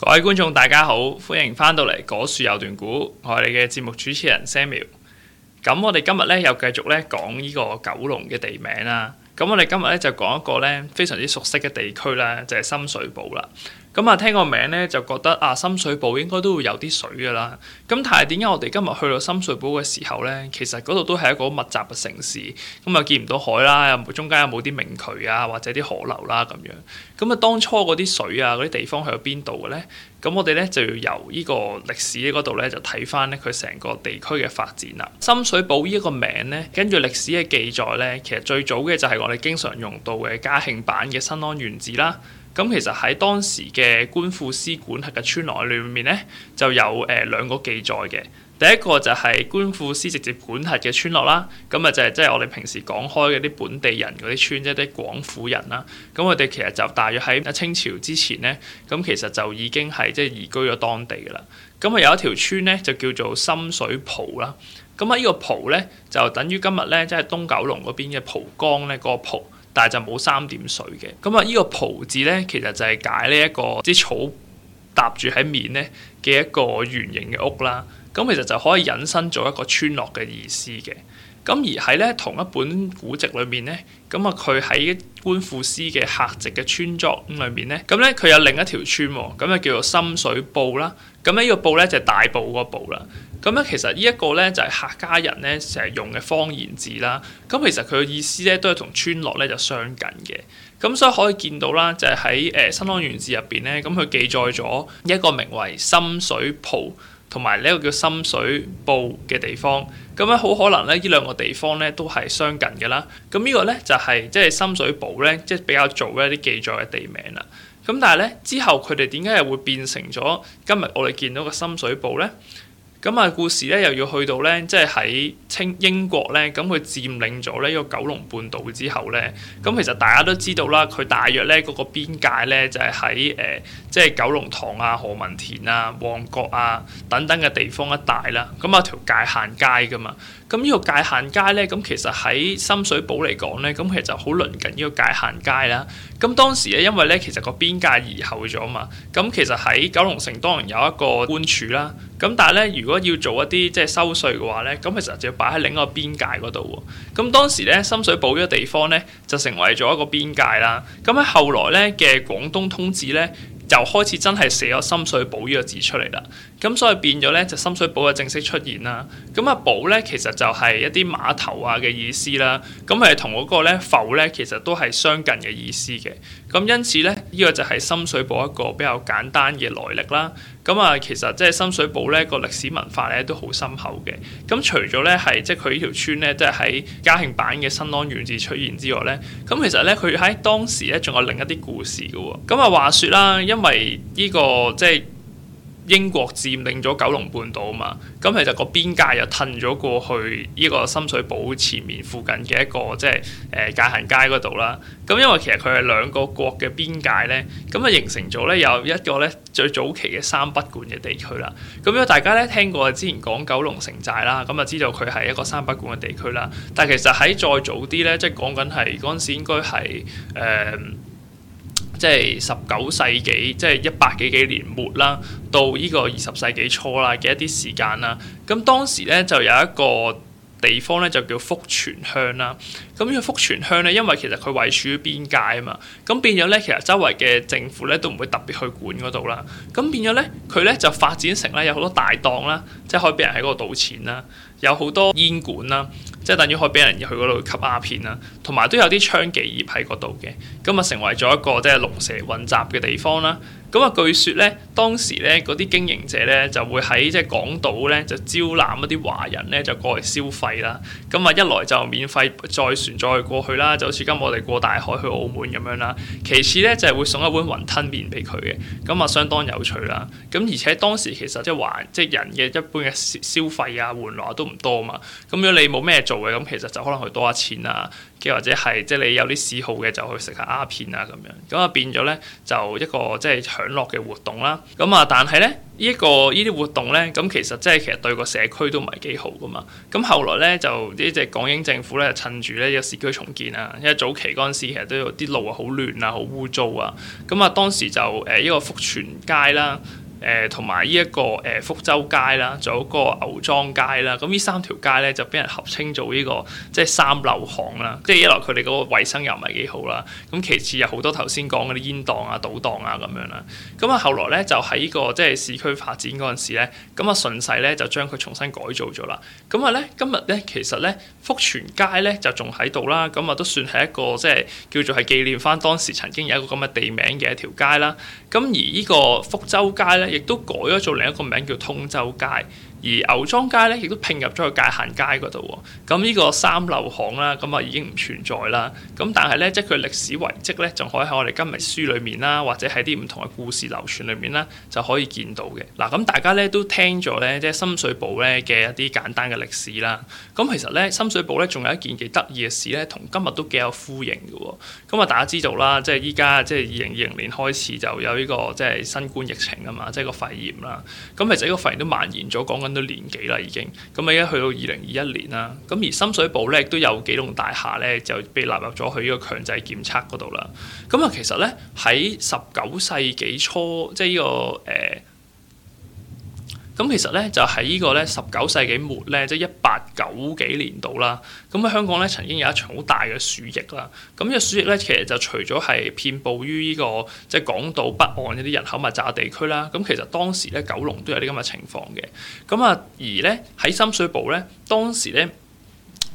各位觀眾大家好，歡迎返到嚟《果樹有段古》，我係你嘅節目主持人 Samuel。咁我哋今日呢，又繼續呢講呢個九龍嘅地名啦。咁我哋今日呢，就講一個呢非常之熟悉嘅地區啦，就係深水埗啦。咁啊，聽個名咧就覺得啊，深水埗應該都會有啲水噶啦。咁但係點解我哋今日去到深水埗嘅時候咧，其實嗰度都係一個密集嘅城市，咁啊見唔到海啦，中間又中間有冇啲明渠啊或者啲河流啦咁樣。咁啊當初嗰啲水啊嗰啲地方去到邊度嘅咧？咁我哋咧就要由呢個歷史嗰度咧就睇翻咧佢成個地區嘅發展啦。深水埗呢一個名咧，跟住歷史嘅記載咧，其實最早嘅就係我哋經常用到嘅嘉慶版嘅《新安縣志》啦。咁其實喺當時嘅官富司管轄嘅村落裏面呢，就有誒、呃、兩個記載嘅。第一個就係官富司直接管轄嘅村落啦。咁啊就係即係我哋平時講開嗰啲本地人嗰啲村，即係啲廣府人啦。咁佢哋其實就大約喺清朝之前呢，咁其實就已經係即係移居咗當地噶啦。咁啊有一條村呢，就叫做深水埗啦。咁喺呢個埗呢，就等於今日呢，即係東九龍嗰邊嘅蒲江呢個埗。但係就冇三點水嘅，咁啊呢個蒲字呢，其實就係解呢一個啲草搭住喺面呢嘅一個圓形嘅屋啦。咁、嗯、其實就可以引申做一個村落嘅意思嘅。咁、嗯、而喺呢同一本古籍裏面呢，咁啊佢喺官富司嘅客籍嘅村莊裏面呢，咁、嗯、呢，佢有另一條村、啊，咁、嗯、就叫做深水埗啦。咁、嗯、呢、這個埗呢，就係、是、大埗嗰個埗啦。咁咧，其實呢一個咧就係客家人咧成日用嘅方言字啦。咁其實佢嘅意思咧都係同村落咧就相近嘅。咁所以可以見到啦，就係喺誒《新安原志》入邊咧，咁佢記載咗一個名為深水埗，同埋呢一個叫深水埗嘅地方。咁咧，好可能咧，呢兩個地方咧都係相近嘅啦。咁、這、呢個咧就係即係深水埗咧，即係比較早一啲記載嘅地名啦。咁但係咧，之後佢哋點解又會變成咗今日我哋見到嘅深水埗咧？咁啊，故事咧又要去到咧，即係喺清英國咧，咁佢佔領咗呢個九龍半島之後咧，咁其實大家都知道啦，佢大約咧、嗰個邊界咧就係喺誒。呃即係九龍塘啊、何文田啊、旺角啊等等嘅地方一帶啦。咁有條界限街噶嘛。咁呢個界限街呢，咁其實喺深水埗嚟講呢，咁其實就好鄰近呢個界限街啦。咁當時咧，因為呢其實個邊界移後咗嘛。咁其實喺九龍城當然有一個官署啦。咁但係呢，如果要做一啲即係收稅嘅話呢，咁其實就要擺喺另外一個邊界嗰度喎。咁當時呢，深水埗呢個地方呢，就成為咗一個邊界啦。咁喺後來呢嘅廣東通知呢。就開始真係寫咗深水埗呢個字出嚟啦，咁所以變咗呢，就深水埗嘅正式出現啦。咁啊埗呢，其實就係一啲碼頭啊嘅意思啦，咁係同嗰個呢浮呢，其實都係相近嘅意思嘅，咁因此呢。呢個就係深水埗一個比較簡單嘅來歷啦。咁啊，其實即係深水埗咧個歷史文化咧都好深厚嘅。咁除咗咧係即係佢呢條村咧，即係喺嘉慶版嘅《新安縣志》出現之外咧，咁其實咧佢喺當時咧仲有另一啲故事嘅。咁啊，話說啦，因為呢個即係。英國佔領咗九龍半島嘛，咁其實個邊界又褪咗過去呢個深水埗前面附近嘅一個即係誒界限街嗰度啦。咁因為其實佢係兩個國嘅邊界咧，咁啊形成咗咧有一個咧最早期嘅三不管嘅地區啦。咁如果大家咧聽過之前講九龍城寨啦，咁啊知道佢係一個三不管嘅地區啦。但係其實喺再早啲咧，即係講緊係嗰陣時應該係誒。即係十九世紀，即係一百幾幾年末啦，到呢個二十世紀初啦嘅一啲時間啦。咁當時咧就有一個地方咧就叫福泉鄉啦。咁呢個福泉鄉咧，因為其實佢位處於邊界啊嘛，咁變咗咧其實周圍嘅政府咧都唔會特別去管嗰度啦。咁變咗咧，佢咧就發展成咧有好多大檔啦，即係可以俾人喺嗰度賭錢啦。有好多煙管啦，即係等於可以俾人入去嗰度吸鴉片啦，同埋都有啲娼妓業喺嗰度嘅，咁啊成為咗一個即係龍蛇混雜嘅地方啦。咁啊，據說咧，當時咧嗰啲經營者咧就會喺即係港島咧就招攬一啲華人咧就過嚟消費啦。咁啊，一來就免費再船再過去啦，就好似今日我哋過大海去澳門咁樣啦。其次咧就係會送一碗雲吞麵俾佢嘅。咁啊，相當有趣啦。咁而且當時其實即係華即係人嘅、即係、一般嘅消費啊，玩樂都唔多嘛。咁樣你冇咩做嘅，咁其實就可能去多一錢啊。嘅或者係即係你有啲嗜好嘅，就去食下鴉片啊，咁樣。咁啊變咗咧，就一個即係、就是、享樂嘅活動啦。咁啊，但係咧呢個呢啲活動咧，咁其實即、就、係、是、其實對個社區都唔係幾好噶嘛。咁後來咧就呢隻、這個、港英政府咧趁住呢個市區重建啊，因為早期嗰陣時其實都有啲路啊好亂啊好污糟啊。咁啊當時就誒、呃、一個福全街啦。誒同埋呢一個誒、呃、福州街啦，仲有個牛莊街啦，咁呢三條街咧就俾人合稱做呢個即係、就是、三流巷啦。即係一來佢哋嗰個衞生又唔係幾好啦，咁其次有好多頭先講嗰啲煙檔啊、賭檔啊咁樣啦。咁啊後來咧就喺依、這個即係、就是、市區發展嗰陣時咧，咁啊順勢咧就將佢重新改造咗啦。咁啊咧今日咧其實咧福全街咧就仲喺度啦，咁啊都算係一個即係叫做係紀念翻當時曾經有一個咁嘅地名嘅一條街啦。咁而呢個福州街咧。亦都改咗做另一個名，叫通州街。而牛莊街咧，亦都拼入咗個界限街嗰度喎。咁呢個三樓行啦，咁啊已經唔存在啦。咁但係咧，即係佢歷史遺蹟咧，仲可以喺我哋今日書裏面啦，或者喺啲唔同嘅故事流傳裏面啦，就可以見到嘅。嗱，咁大家咧都聽咗咧，即係深水埗咧嘅一啲簡單嘅歷史啦。咁其實咧，深水埗咧仲有一件幾得意嘅事咧，同今日都幾有呼應嘅喎。咁啊，大家知道啦，即係依家即係二零二零年開始就有呢個即係新冠疫情啊嘛，即係個肺炎啦。咁其實呢個肺炎都蔓延咗，講緊。都年紀啦，已經咁，而家去到二零二一年啦，咁而深水埗咧都有幾棟大廈咧就被納入咗去呢個強制檢測嗰度啦。咁啊，其實咧喺十九世紀初，即係、這、呢個誒。呃咁其實咧就喺呢個咧十九世紀末咧，即係一八九幾年度啦。咁喺香港咧曾經有一場好大嘅鼠疫啦。咁呢個鼠疫咧其實就除咗係遍佈於呢個即係港島北岸呢啲人口密集嘅地區啦。咁其實當時咧九龍都有啲咁嘅情況嘅。咁啊而咧喺深水埗咧當時咧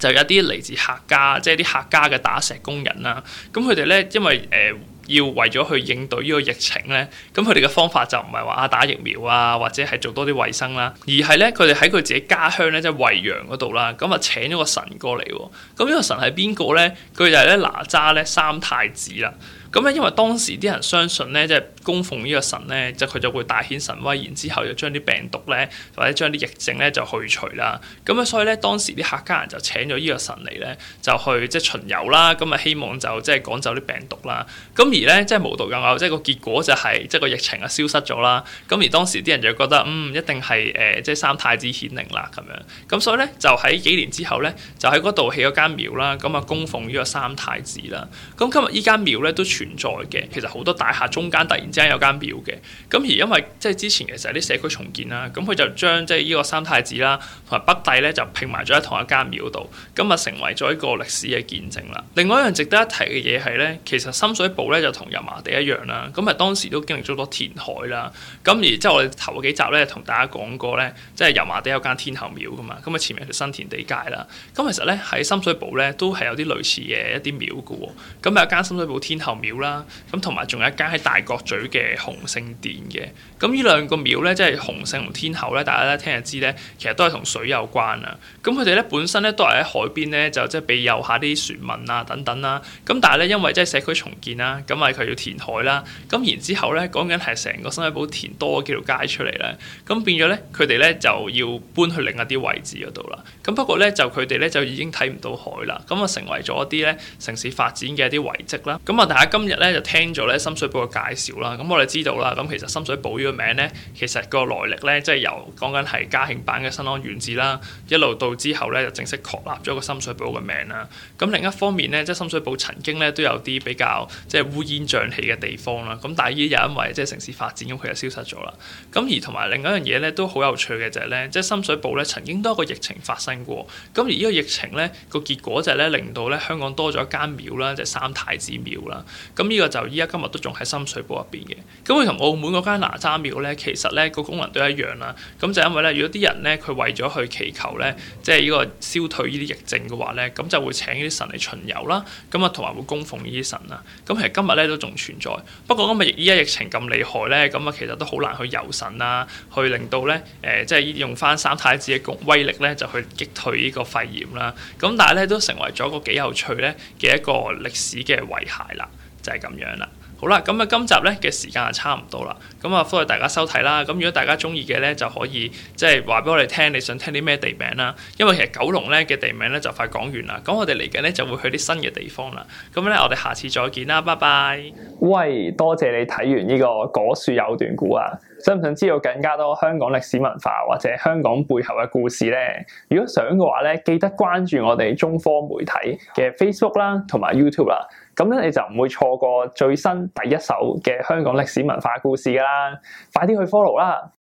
就有啲嚟自客家即係啲客家嘅打石工人啦。咁佢哋咧因為誒。呃要為咗去應對呢個疫情咧，咁佢哋嘅方法就唔係話啊打疫苗啊，或者係做多啲衞生啦、啊，而係咧佢哋喺佢自己家鄉咧即係惠陽嗰度啦，咁啊請咗個神過嚟喎，咁呢個神係邊個咧？佢就係咧哪吒咧三太子啦。咁咧，因為當時啲人相信咧，即係供奉呢個神咧，即係佢就會大顯神威，然之後就將啲病毒咧，或者將啲疫症咧就去除啦。咁啊，所以咧當時啲客家人就請咗呢個神嚟咧，就去即係巡遊啦。咁、嗯、啊，希望就即係趕走啲病毒啦。咁、嗯、而咧，即係無獨有偶，即係個結果就係、是、即係個疫情啊消失咗啦。咁、嗯、而當時啲人就覺得嗯，一定係誒、呃、即係三太子顯靈啦咁樣。咁、嗯、所以咧，就喺幾年之後咧，就喺嗰度起咗間廟啦。咁、嗯、啊，供奉呢個三太子啦。咁、嗯、今日依間廟咧都存在嘅，其實好多大廈中間突然之間有間廟嘅，咁而因為即係之前其實係啲社區重建啦，咁佢就將即係呢個三太子啦，同埋北帝咧就拼埋咗喺同一間廟度，咁啊成為咗一個歷史嘅見證啦。另外一樣值得一提嘅嘢係咧，其實深水埗咧就同油麻地一樣啦，咁啊當時都經歷咗好多填海啦，咁而即係我哋頭幾集咧同大家講過咧，即係油麻地有間天后廟噶嘛，咁啊前面條新田地界啦，咁其實咧喺深水埗咧都係有啲類似嘅一啲廟嘅喎，咁有一間深水埗天后廟。廟啦，咁同埋仲有一間喺大角咀嘅洪聖殿嘅，咁呢兩個廟呢，即係洪聖同天后咧，大家咧一聽就知呢，其實都係同水有關啊。咁佢哋呢，本身呢，都係喺海邊呢，就即係庇佑下啲船民啊等等啦。咁但係呢，因為即係社區重建啦，咁啊佢要填海啦，咁然之後咧講緊係成個新界保填多幾條街出嚟呢。咁變咗呢，佢哋呢，就要搬去另一啲位置嗰度啦。咁不過呢，就佢哋呢，就已經睇唔到海啦，咁啊成為咗一啲呢，城市發展嘅一啲遺跡啦。咁啊大家今日咧就聽咗咧深水埗嘅介紹啦。咁、嗯、我哋知道啦，咁其實深水埗呢個名咧，其實個來歷咧，即係由講緊係嘉慶版嘅《新安縣志》啦，一路到之後咧就正式確立咗個深水埗嘅名啦。咁、嗯、另一方面咧，即係深水埗曾經咧都有啲比較即係烏煙瘴氣嘅地方啦。咁但係依又因為即係城市發展，咁佢就消失咗啦。咁、嗯、而同埋另一樣嘢咧，都好有趣嘅就係、是、咧，即係深水埗咧曾經都有個疫情發生過。咁而呢個疫情咧個結果就係咧令到咧香港多咗一間廟啦，就係三太子廟啦。咁呢個就依家今日都仲喺深水埗入邊嘅。咁佢同澳門嗰間哪吒廟咧，其實咧個功能都一樣啦。咁就因為咧，如果啲人咧佢為咗去祈求咧，即係呢個消退呢啲疫症嘅話咧，咁就會請呢啲神嚟巡遊啦。咁啊，同埋會供奉呢啲神啊。咁其實今日咧都仲存在。不過今日疫依家疫情咁厲害咧，咁啊其實都好難去遊神啊，去令到咧誒、呃，即係用翻三太子嘅功威力咧，就去擊退呢個肺炎啦。咁但係咧都成為咗一個幾有趣咧嘅一個歷史嘅遺骸啦。就係咁樣啦，好啦，咁啊今集咧嘅時間就差唔多啦，咁啊歡迎大家收睇啦，咁如果大家中意嘅咧就可以即係話俾我哋聽，你想聽啲咩地名啦，因為其實九龍咧嘅地名咧就快講完啦，咁我哋嚟緊咧就會去啲新嘅地方啦，咁咧我哋下次再見啦，拜拜。喂，多謝你睇完呢個果樹有段古啊！想唔想知道更加多香港歷史文化或者香港背後嘅故事咧？如果想嘅話咧，記得關注我哋中科媒體嘅 Facebook 啦，同埋 YouTube 啦。咁咧你就唔會錯過最新第一手嘅香港歷史文化故事噶啦。快啲去 follow 啦！